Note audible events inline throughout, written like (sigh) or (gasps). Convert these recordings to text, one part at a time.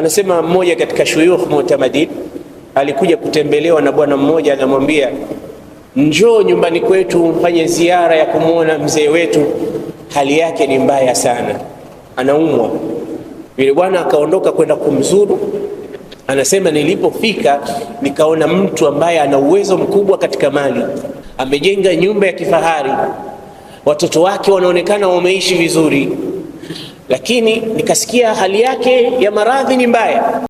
Anasema mmoja katika shuyukh mutamadin alikuja kutembelewa na bwana mmoja, anamwambia njoo nyumbani kwetu mfanye ziara ya kumwona mzee wetu, hali yake ni mbaya sana, anaumwa. Yule bwana akaondoka kwenda kumzuru. Anasema nilipofika nikaona mtu ambaye ana uwezo mkubwa katika mali, amejenga nyumba ya kifahari, watoto wake wanaonekana wameishi vizuri lakini nikasikia hali yake ya maradhi ni mbaya.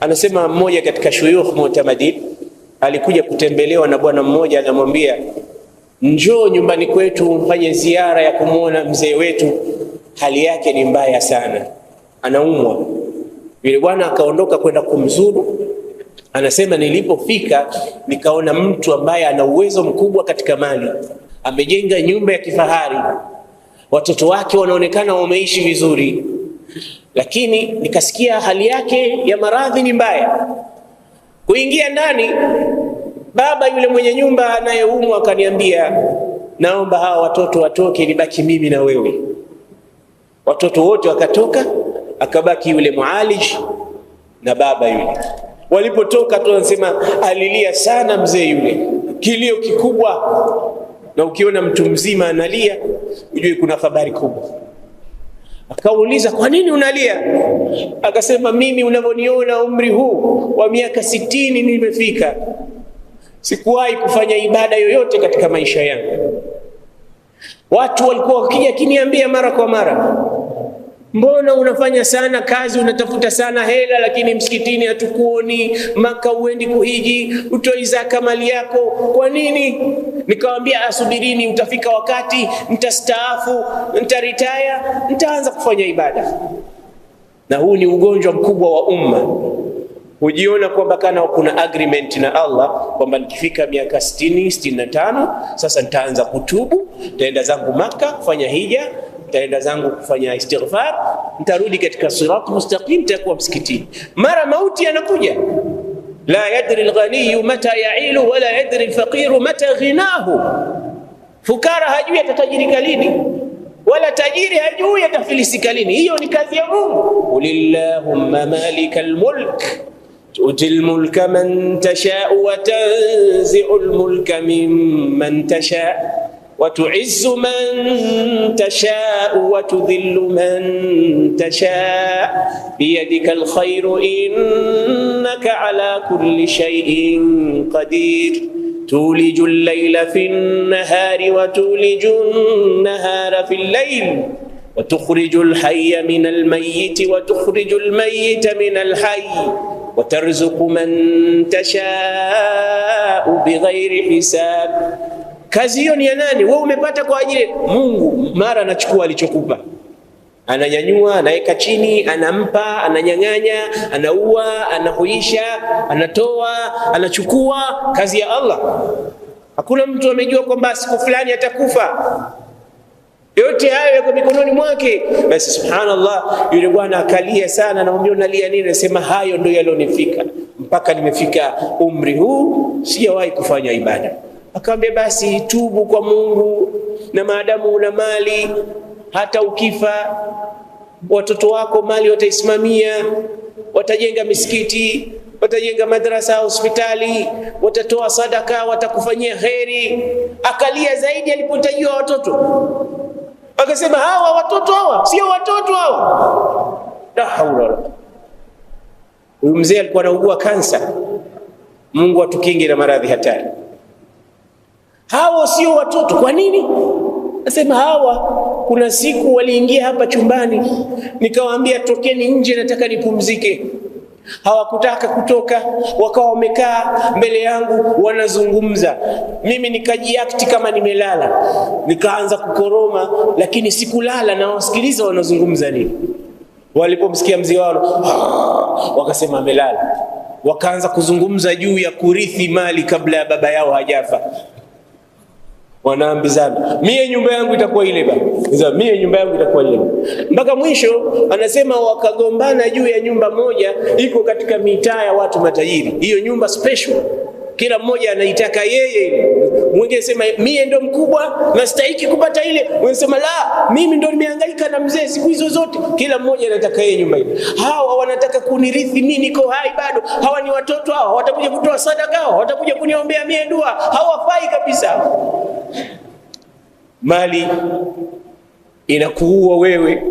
Anasema mmoja katika shuyukh mutamadid alikuja kutembelewa na bwana mmoja, anamwambia njoo nyumbani kwetu mfanye ziara ya kumwona mzee wetu, hali yake ni mbaya sana, anaumwa. Yule bwana akaondoka kwenda kumzuru Anasema nilipofika nikaona mtu ambaye ana uwezo mkubwa katika mali, amejenga nyumba ya kifahari, watoto wake wanaonekana wameishi vizuri, lakini nikasikia hali yake ya maradhi ni mbaya. Kuingia ndani, baba yule mwenye nyumba anayeumwa akaniambia, naomba hawa watoto watoke, nibaki mimi na wewe. Watoto wote wakatoka, akabaki yule mualiji na baba yule. Walipotoka tu anasema alilia sana mzee yule, kilio kikubwa. Na ukiona mtu mzima analia, ujue kuna habari kubwa. Akauliza, kwa nini unalia? Akasema, mimi unavyoniona, umri huu wa miaka sitini nimefika, sikuwahi kufanya ibada yoyote katika maisha yangu. Watu walikuwa wakija kiniambia mara kwa mara Mbona unafanya sana kazi, unatafuta sana hela, lakini msikitini hatukuoni, Maka uendi kuhiji, utoi zaka mali yako, kwa nini? Nikamwambia, asubirini, utafika wakati mtastaafu, mtaritaya, mtaanza kufanya ibada. Na huu ni ugonjwa mkubwa wa umma, hujiona kwamba kana kuna agreement na Allah kwamba nikifika miaka 60 65 sasa nitaanza kutubu, nitaenda zangu Maka kufanya hija nitaenda zangu kufanya istighfar, nitarudi katika sirat mustaqim, nitakuwa msikitini. Mara mauti yanakuja, la yadri alghaniyu mata yailu wala yadri alfaqiru mata ghinahu, fukara hajui atatajirika lini wala tajiri hajui atafilisika lini. Hiyo ni kazi ya Mungu. Qulillahumma malikal mulk tuti lmulka man tashau wa tanziu lmulka mimman tashau وتعز من تشاء وتذل من تشاء بيدك الخير انك على كل شيء قدير تولج الليل في النهار وتولج النهار في الليل وتخرج الحي من الميت وتخرج الميت من الحي وترزق من تشاء بغير حساب Kazi hiyo ni ya nani? Wewe umepata kwa ajili Mungu. Mara anachukua alichokupa, ananyanyua, anaweka chini, anampa, ananyang'anya, anaua, anahuisha, anatoa, anachukua. Kazi ya Allah. Hakuna mtu amejua kwamba siku fulani atakufa. Yote hayo yako mikononi mwake. Basi subhanallah, yule bwana akalia sana, anamwambia unalia nini? Anasema hayo ndio yalionifika mpaka nimefika umri huu, sijawahi kufanya ibada. Akamwambia basi tubu kwa Mungu, na maadamu una mali, hata ukifa watoto wako mali wataisimamia, watajenga misikiti, watajenga madrasa, hospitali, watatoa sadaka, watakufanyia heri. Akalia zaidi alipotajiwa watoto, akasema hawa watoto hawa sio watoto hawa, la haula. Huyu mzee alikuwa anaugua kansa. Mungu atukinge na maradhi hatari. Hawa sio watoto. Kwa nini? Nasema hawa, kuna siku waliingia hapa chumbani, nikawaambia tokeni nje, nataka nipumzike. Hawakutaka kutoka, wakawa wamekaa mbele yangu wanazungumza, mimi nikajiakti kama nimelala, nikaanza kukoroma, lakini sikulala, na wasikiliza wanazungumza nini. Walipomsikia mzee wao (gasps) wakasema amelala, wakaanza kuzungumza juu ya kurithi mali kabla ya baba yao hajafa wanaambizana, mie nyumba yangu itakuwa ile baba, mie nyumba yangu itakuwa ile, mpaka mwisho anasema wakagombana juu ya nyumba moja, iko katika mitaa ya watu matajiri, hiyo nyumba special kila mmoja anaitaka yeye ile. Mwingine anasema mie ndo mkubwa nastahiki kupata ile, mwingine wanasema la, mimi ndo nimehangaika na mzee siku hizo zote. Kila mmoja anataka yeye nyumba ile. Hawa wanataka kunirithi mimi, niko hai bado. Hawa ni watoto, hawa watakuja kutoa sadaka, hawa watakuja kuniombea mie dua, hawafai kabisa. Mali inakuua wewe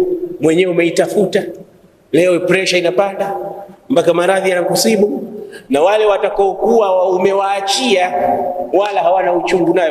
mwenyewe, umeitafuta. Leo presha inapanda mpaka maradhi yanakusibu na wale watakaokuwa umewaachia wala hawana uchungu nayo